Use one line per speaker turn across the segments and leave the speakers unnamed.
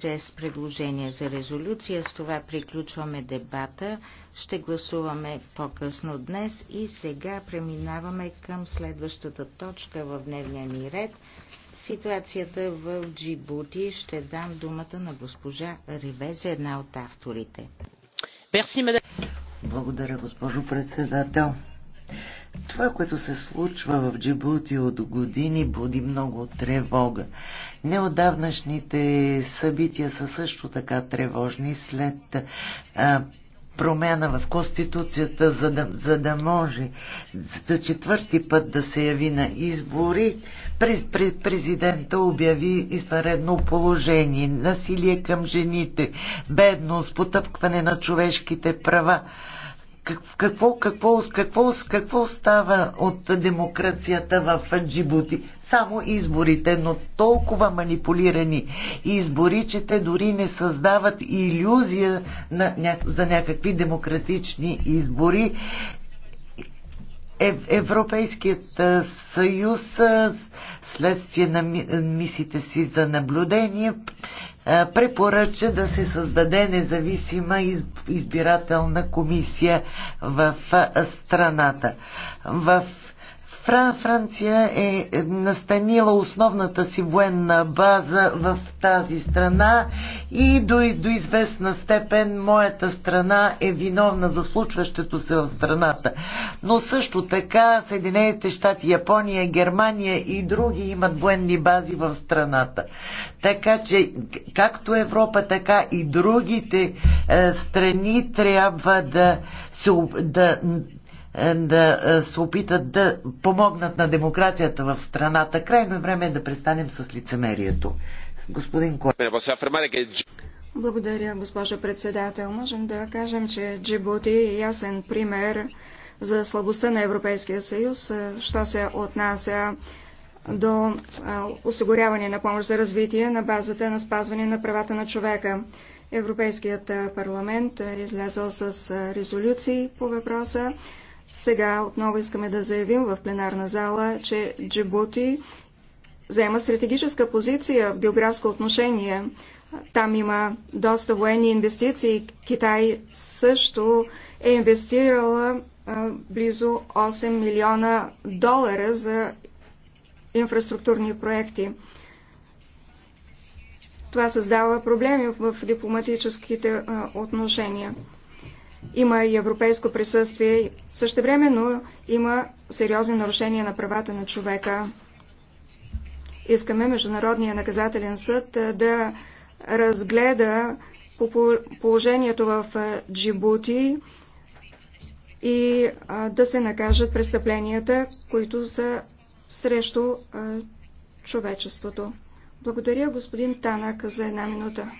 чрез предложение за резолюция. С това приключваме дебата. Ще гласуваме по-късно днес и сега преминаваме към следващата точка в дневния ни ред. Ситуацията в Джибути ще дам думата на госпожа Ривезе, една от авторите.
Благодаря, госпожо председател. Това, което се случва в Джибути от години, буди много тревога. Неодавнашните събития са също така тревожни след а, промяна в Конституцията, за да, за да може за четвърти път да се яви на избори. През, през президента обяви изваредно положение, насилие към жените, бедност, потъпкване на човешките права какво, какво, какво, какво става от демокрацията в Джибути? Само изборите, но толкова манипулирани избори, че те дори не създават иллюзия на, за някакви демократични избори. Европейският съюз следствие на мисите си за наблюдение е, препоръча да се създаде независима избирателна комисия в е, страната. В Фра, Франция е настанила основната си военна база в тази страна и до, до известна степен моята страна е виновна за случващото се в страната. Но също така Съединените щати, Япония, Германия и други имат военни бази в страната. Така че както Европа, така и другите е, страни трябва да, се, да е, да е, се опитат да помогнат на демокрацията в страната. Крайно е време да престанем с лицемерието. Господин Кой.
Благодаря, госпожа председател. Можем да кажем, че Джибути е ясен пример за слабостта на Европейския съюз, е, що се отнася до осигуряване на помощ за развитие на базата на спазване на правата на човека. Европейският парламент е излязъл с резолюции по въпроса. Сега отново искаме да заявим в пленарна зала, че Джибути заема стратегическа позиция в географско отношение. Там има доста военни инвестиции. Китай също е инвестирала близо 8 милиона долара за инфраструктурни проекти. Това създава проблеми в дипломатическите отношения има и европейско присъствие. Същевременно има сериозни нарушения на правата на човека. Искаме Международния наказателен съд да разгледа положението в Джибути и да се накажат престъпленията, които са срещу човечеството. Благодаря господин Танак за една минута.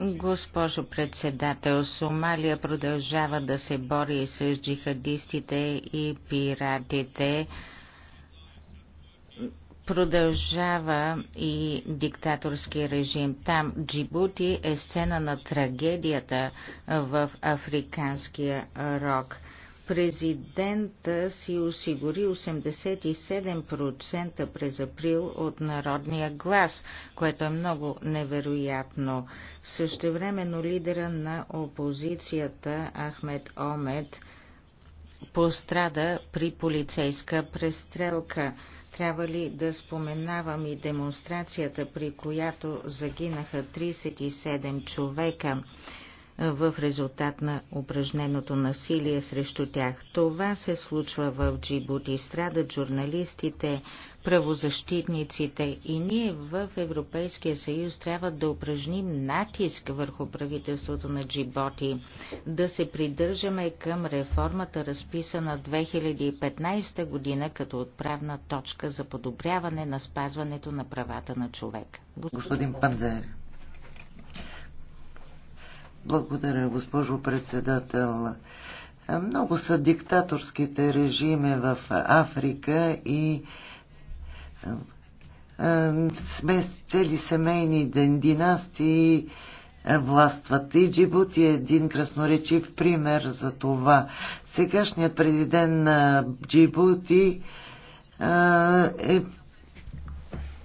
Госпожо председател, Сомалия продължава да се бори с джихадистите и пиратите. Продължава и диктаторски режим. Там Джибути е сцена на трагедията в африканския рок – президента си осигури 87% през април от народния глас, което е много невероятно. Същевременно лидера на опозицията Ахмед Омед пострада при полицейска престрелка. Трябва ли да споменавам и демонстрацията, при която загинаха 37 човека? в резултат на упражненото насилие срещу тях. Това се случва в Джибути. Страдат журналистите, правозащитниците и ние в Европейския съюз трябва да упражним натиск върху правителството на Джиботи, да се придържаме към реформата разписана 2015 година като отправна точка за подобряване на спазването на правата на човека. Господин, Господин Панзер.
Благодаря, госпожо председател. Много са диктаторските режими в Африка и сме цели семейни династии властват. И Джибути е един красноречив пример за това. Сегашният президент на Джибути е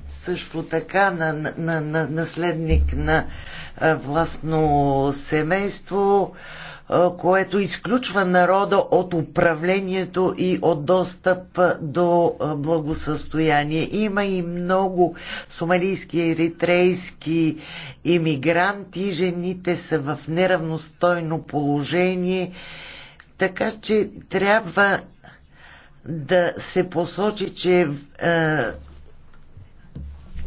също така на, на, на, наследник на е, властно семейство, е, което изключва народа от управлението и от достъп до е, благосъстояние. Има и много сомалийски и еритрейски иммигранти. Жените са в неравностойно положение. Така че трябва да се посочи, че е,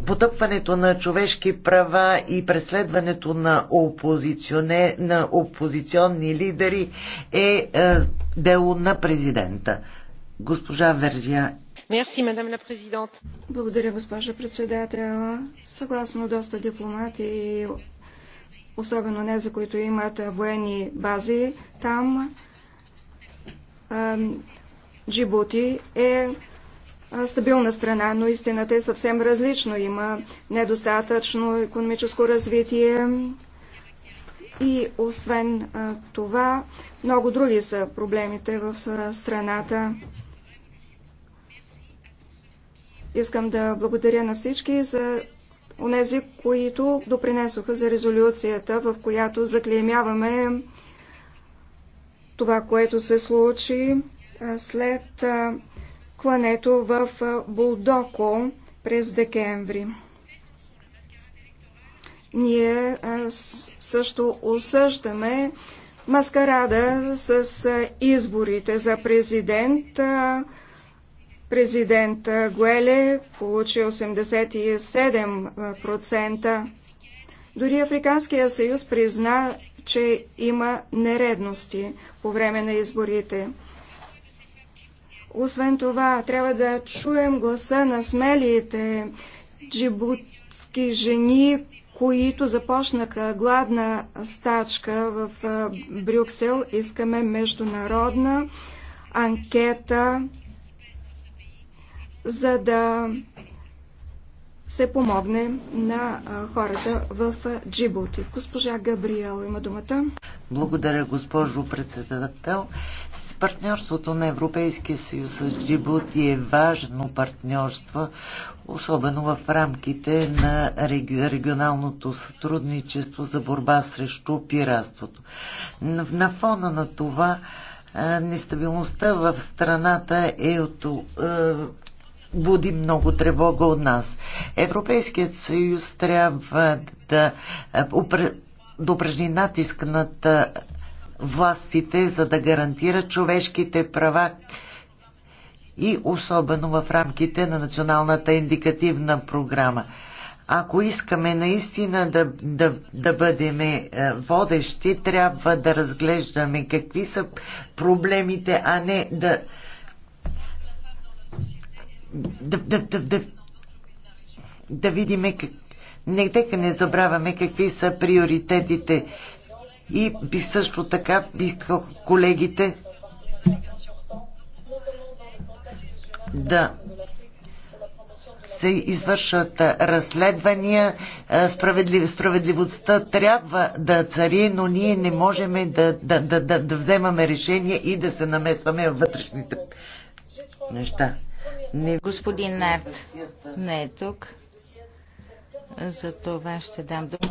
потъпването на човешки права и преследването на, опозиционе, на опозиционни лидери е, е дело на президента. Госпожа Вержия
благодаря, госпожа председател. Съгласно доста дипломати, особено не за които имат военни бази, там Джибути е стабилна страна, но истината е съвсем различно. Има недостатъчно економическо развитие и освен това много други са проблемите в страната. Искам да благодаря на всички за онези, които допринесоха за резолюцията, в която заклеймяваме това, което се случи след клането в Булдоко през декември. Ние също осъждаме маскарада с изборите за президент. Президент Гуеле получи 87%. Дори Африканския съюз призна, че има нередности по време на изборите. Освен това, трябва да чуем гласа на смелите джибутски жени, които започнаха гладна стачка в Брюксел. Искаме международна анкета, за да се помогне на хората в Джибути. Госпожа Габриел има думата.
Благодаря, госпожо председател. С партньорството на Европейския съюз с Джибути е важно партньорство, особено в рамките на регионалното сътрудничество за борба срещу пиратството. На фона на това нестабилността в страната е от буди много тревога от нас. Европейският съюз трябва да да упражни натиск над властите, за да гарантира човешките права и особено в рамките на националната индикативна програма. Ако искаме наистина да, да, да бъдем е, водещи, трябва да разглеждаме какви са проблемите, а не да. Да, да, да, да, да видиме как, не, не забравяме какви са приоритетите. И би също така биха колегите да се извършат разследвания. Е, Справедлив, справедливостта трябва да цари, но ние не можем да, да, да, да, да вземаме решение и да се намесваме в вътрешните неща. Не... Господин Нарт
не е тук. За това ще дам думата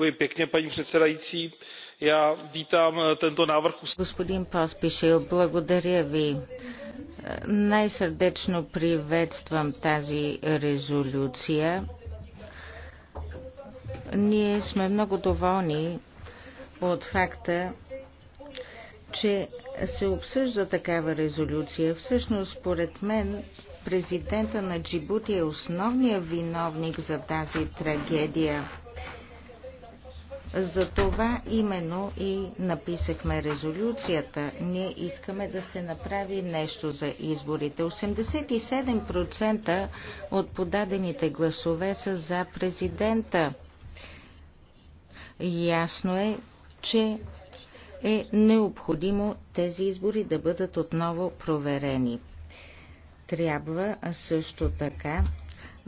на paní předsedající já vítám eh,
е, Най-сърдечно приветствам тази резолюция. Ние сме много доволни от факта, че се обсъжда такава резолюция. Всъщност, според мен, Президента на Джибути е основният виновник за тази трагедия. За това именно и написахме резолюцията. Ние искаме да се направи нещо за изборите. 87% от подадените гласове са за президента. Ясно е, че е необходимо тези избори да бъдат отново проверени. Трябва също така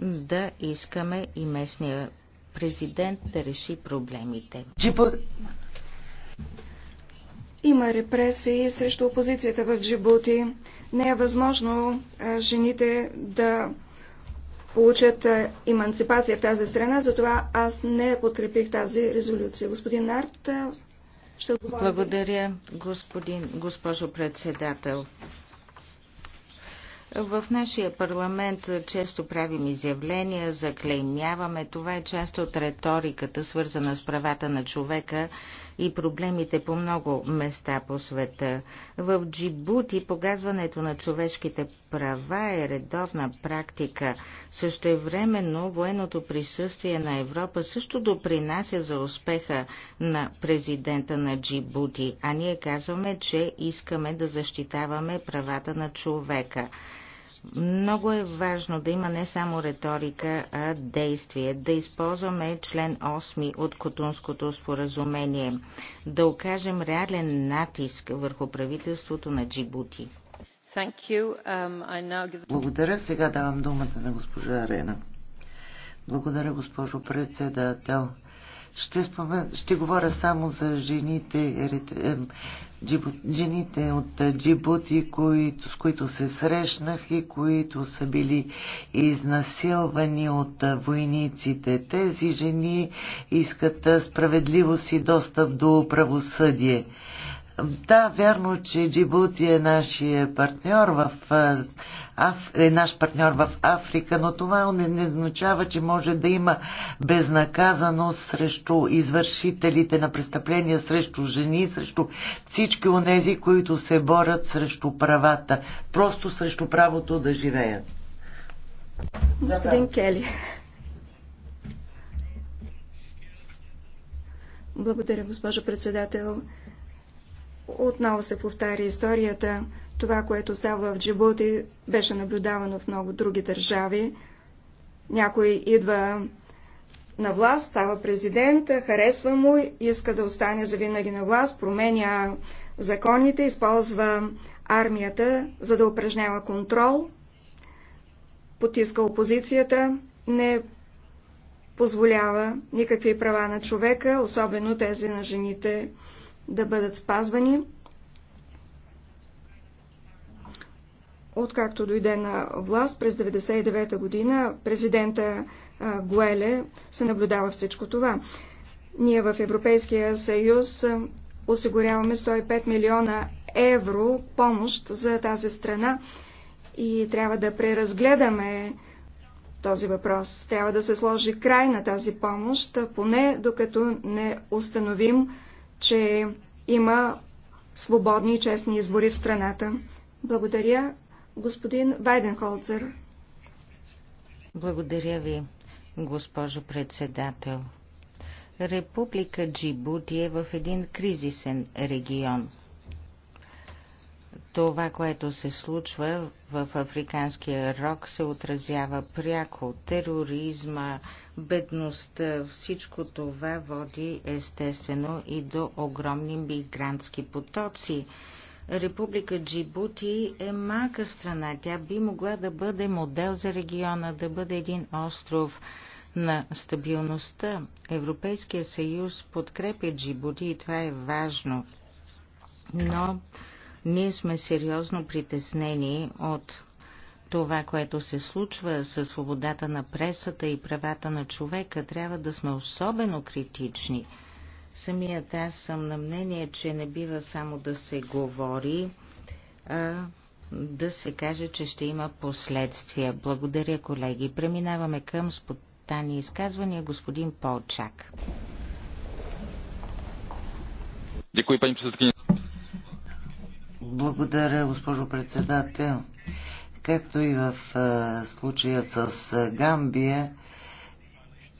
да искаме и местния президент да реши проблемите.
Има репресии срещу опозицията в Джибути. Не е възможно жените да получат еманципация в тази страна, затова аз не подкрепих тази резолюция. Господин Нарт, ще отговоря. Благодаря,
господин, госпожо председател. В нашия парламент често правим изявления, заклеймяваме. Това е част от риториката, свързана с правата на човека и проблемите по много места по света. В Джибути погазването на човешките права е редовна практика. Същевременно военното присъствие на Европа също допринася за успеха на президента на Джибути, а ние казваме, че искаме да защитаваме правата на човека. Много е важно да има не само риторика, а действие. Да използваме член 8 от Котунското споразумение. Да окажем реален натиск върху правителството на Джибути. Um, give...
Благодаря. Сега давам думата на госпожа Арена. Благодаря, госпожо председател. Ще, спомен, ще говоря само за жените, е, жените от Джибути, които, с които се срещнах и които са били изнасилвани от войниците. Тези жени искат справедливост и достъп до правосъдие. Да, вярно, че Джибути е нашия партньор в Аф... е наш партньор в Африка, но това не, не означава, че може да има безнаказаност срещу извършителите на престъпления, срещу жени, срещу всички онези, които се борят срещу правата, просто срещу правото да живеят.
Господин Кели. Благодаря, госпожо председател. Отново се повтаря историята. Това, което става в Джибути, беше наблюдавано в много други държави. Някой идва на власт, става президент, харесва му, иска да остане завинаги на власт, променя законите, използва армията, за да упражнява контрол, потиска опозицията, не позволява никакви права на човека, особено тези на жените да бъдат спазвани. Откакто дойде на власт през 1999 година, президента Гуеле се наблюдава всичко това. Ние в Европейския съюз осигуряваме 105 милиона евро помощ за тази страна и трябва да преразгледаме този въпрос. Трябва да се сложи край на тази помощ, поне докато не установим че има свободни и честни избори в страната. Благодаря, господин Вайденхолцер.
Благодаря ви, госпожо председател. Република Джибути е в един кризисен регион – това, което се случва в африканския рок, се отразява пряко. Тероризма, бедността, всичко това води естествено и до огромни мигрантски потоци. Република Джибути е малка страна. Тя би могла да бъде модел за региона, да бъде един остров на стабилността. Европейския съюз подкрепя Джибути и това е важно. Но ние сме сериозно притеснени от това, което се случва със свободата на пресата и правата на човека, трябва да сме особено критични. Самият аз съм на мнение, че не бива само да се говори, а да се каже, че ще има последствия. Благодаря, колеги. Преминаваме към спотани изказвания.
Господин Полчак. Дякую, пани благодаря, госпожо председател. Както и в случая с Гамбия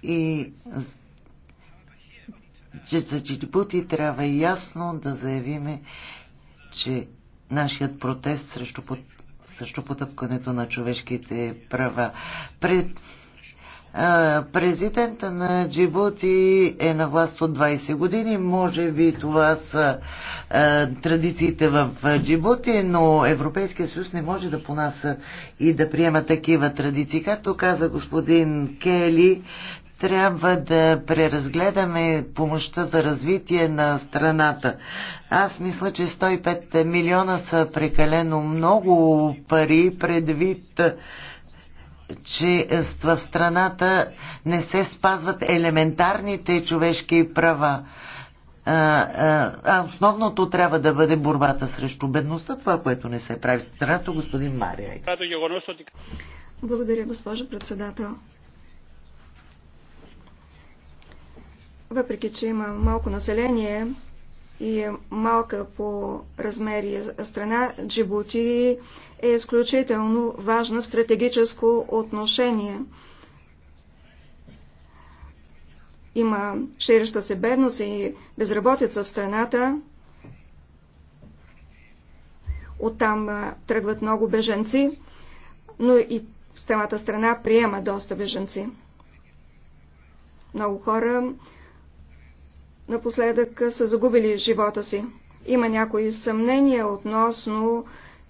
и че за Джибути трябва ясно да заявиме, че нашият протест срещу, под, срещу потъпкането на човешките права пред Президента на Джибути е на власт от 20 години. Може би това са традициите в Джибути, но Европейския съюз не може да понася и да приема такива традиции. Както каза господин Кели, трябва да преразгледаме помощта за развитие на страната. Аз мисля, че 105 милиона са прекалено много пари предвид че в страната не се спазват елементарните човешки права. А основното трябва да бъде борбата срещу бедността, това, което не се прави в страната, господин Мария.
Благодаря, госпожо председател. Въпреки, че има малко население, и е малка по размери страна, Джибути е изключително важна в стратегическо отношение. Има ширеща се бедност и безработица в страната. Оттам тръгват много беженци, но и самата страна приема доста беженци. Много хора напоследък са загубили живота си. Има някои съмнения относно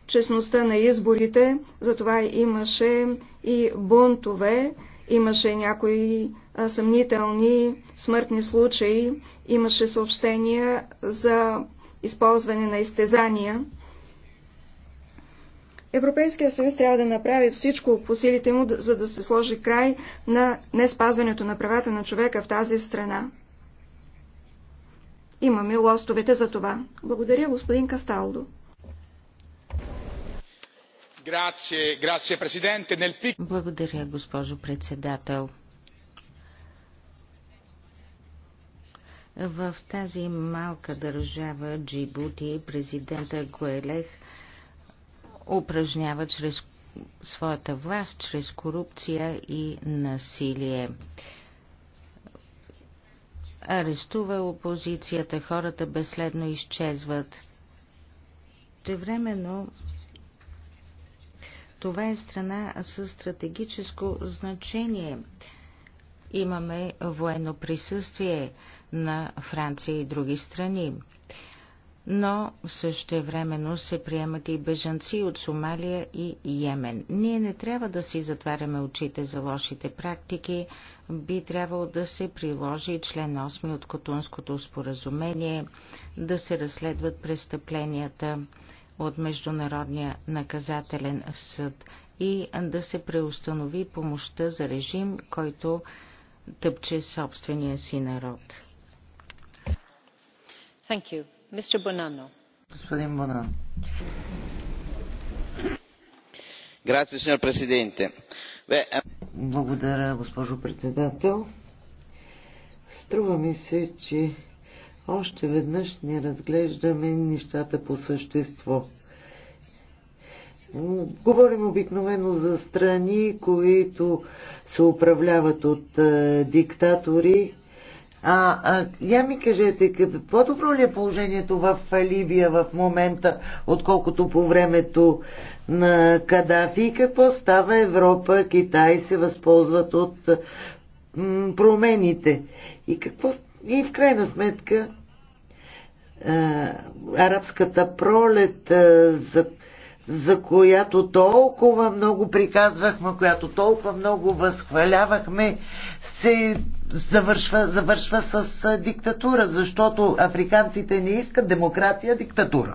честността на изборите, затова имаше и бунтове, имаше някои съмнителни смъртни случаи, имаше съобщения за използване на изтезания. Европейския съюз трябва да направи всичко по силите му, за да се сложи край на неспазването на правата на човека в тази страна имаме лостовете за това. Благодаря, господин Касталдо.
Благодаря, госпожо председател. В тази малка държава Джибути президента Гуелех упражнява чрез своята власт, чрез корупция и насилие арестува опозицията, хората безследно изчезват. Времено това е страна със стратегическо значение. Имаме военно присъствие на Франция и други страни но времено се приемат и бежанци от Сомалия и Йемен. Ние не трябва да си затваряме очите за лошите практики, би трябвало да се приложи член 8 от Котунското споразумение, да се разследват престъпленията от Международния наказателен съд и да се преустанови помощта за режим, който тъпче собствения си народ. Thank you. Господин
Бонано. Благодаря, госпожо председател. Струва ми се, че още веднъж не разглеждаме нещата по същество. Говорим обикновено за страни, които се управляват от е, диктатори, а, а, я ми кажете, по-добро ли е положението в Либия в момента, отколкото по времето на Кадафи и какво става Европа, Китай се възползват от промените и какво и в крайна сметка а, арабската пролет а, за за която толкова много приказвахме, която толкова много възхвалявахме, се завършва, завършва с диктатура, защото африканците не искат демокрация, диктатура.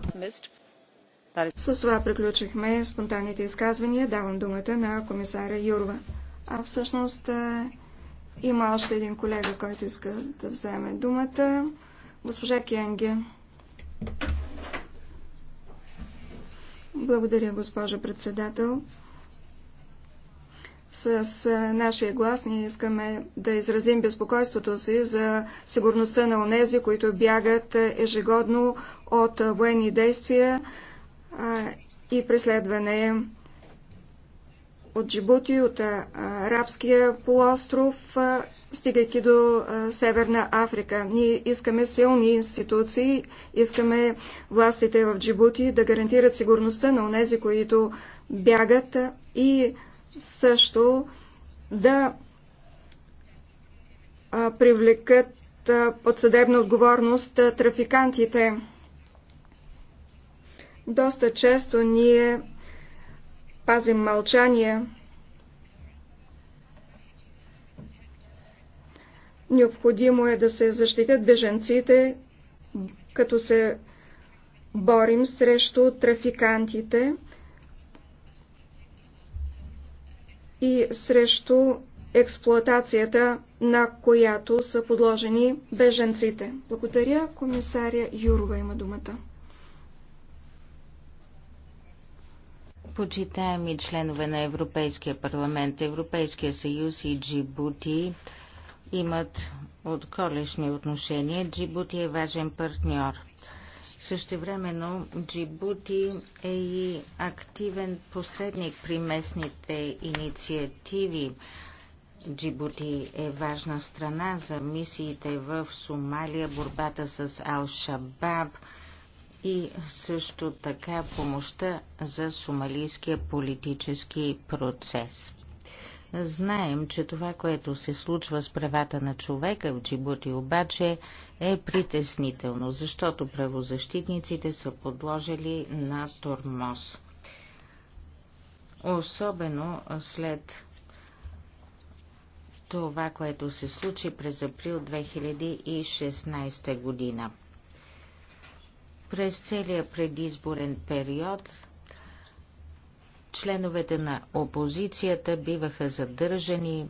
С това приключихме спонтанните изказвания. Давам думата на комисара Юрова. А всъщност има още един колега, който иска да вземе думата. Госпожа Кенге. Благодаря, госпожа председател. С нашия глас ние искаме да изразим безпокойството си за сигурността на онези, които бягат ежегодно от военни действия и преследване от Джибути, от Арабския полуостров, стигайки до Северна Африка. Ние искаме силни институции, искаме властите в Джибути да гарантират сигурността на онези, които бягат и също да привлекат под съдебна отговорност трафикантите. Доста често ние пазим мълчание. Необходимо е да се защитят беженците, като се борим срещу трафикантите и срещу експлоатацията, на която са подложени беженците. Благодаря. Комисаря Юрова има думата.
Почитаеми членове на Европейския парламент, Европейския съюз и Джибути имат отколешни отношения. Джибути е важен партньор. Същевременно Джибути е и активен посредник при местните инициативи. Джибути е важна страна за мисиите в Сомалия, борбата с Ал-Шабаб – и също така помощта за сомалийския политически процес. Знаем, че това, което се случва с правата на човека в Джибути обаче е притеснително, защото правозащитниците са подложили на тормоз. Особено след това, което се случи през април 2016 година. През целия предизборен период членовете на опозицията биваха задържани,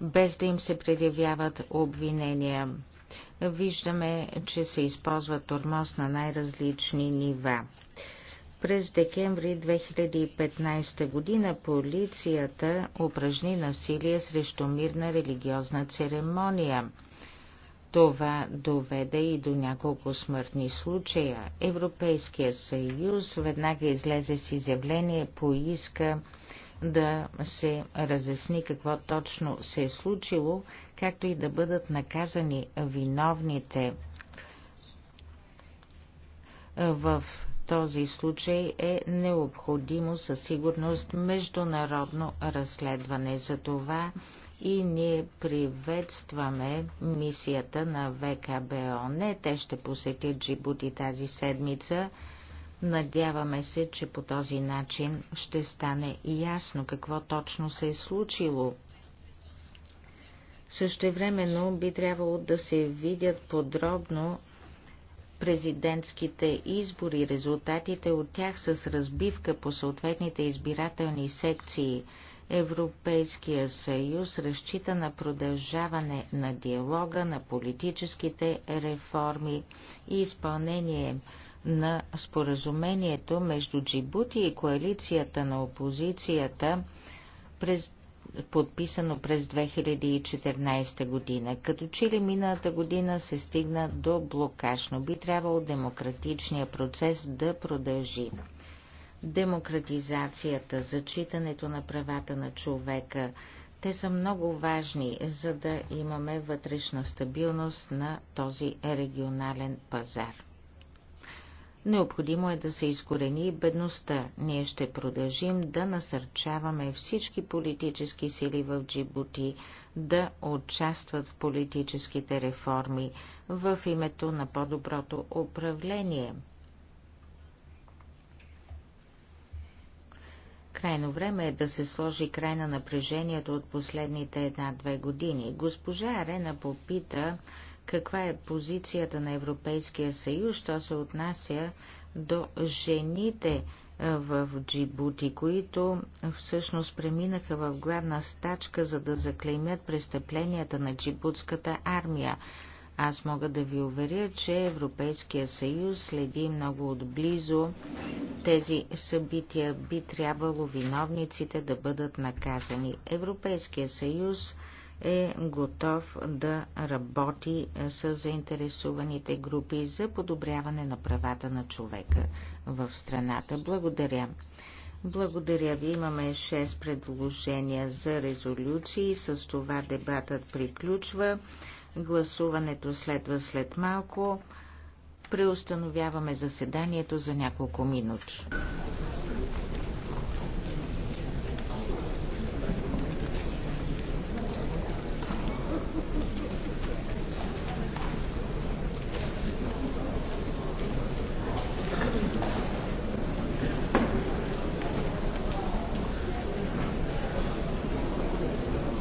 без да им се предявяват обвинения. Виждаме, че се използва тормоз на най-различни нива. През декември 2015 година полицията упражни насилие срещу мирна религиозна церемония – това доведе и до няколко смъртни случая. Европейския съюз веднага излезе с изявление, поиска да се разясни какво точно се е случило, както и да бъдат наказани виновните. В този случай е необходимо със сигурност международно разследване. За това и ние приветстваме мисията на ВКБО. Не, Те ще посетят Джибути тази седмица. Надяваме се, че по този начин ще стане ясно какво точно се е случило. Същевременно би трябвало да се видят подробно президентските избори, резултатите от тях с разбивка по съответните избирателни секции – Европейския съюз разчита на продължаване на диалога, на политическите реформи и изпълнение на споразумението между Джибути и коалицията на опозицията, през, подписано през 2014 година. Като че ли миналата година се стигна до блокаж, но би трябвало демократичния процес да продължи демократизацията, зачитането на правата на човека. Те са много важни, за да имаме вътрешна стабилност на този регионален пазар. Необходимо е да се изкорени бедността. Ние ще продължим да насърчаваме всички политически сили в Джибути да участват в политическите реформи в името на по-доброто управление – Крайно време е да се сложи край на напрежението от последните една-две години. Госпожа Арена попита каква е позицията на Европейския съюз, що се отнася до жените е, в Джибути, които всъщност преминаха в главна стачка, за да заклеймят престъпленията на джибутската армия. Аз мога да ви уверя, че Европейския съюз следи много отблизо тези събития. Би трябвало виновниците да бъдат наказани. Европейския съюз е готов да работи с заинтересуваните групи за подобряване на правата на човека в страната. Благодаря. Благодаря ви. Имаме 6 предложения за резолюции. С това дебатът приключва. Гласуването следва след малко. Преустановяваме заседанието за няколко минути.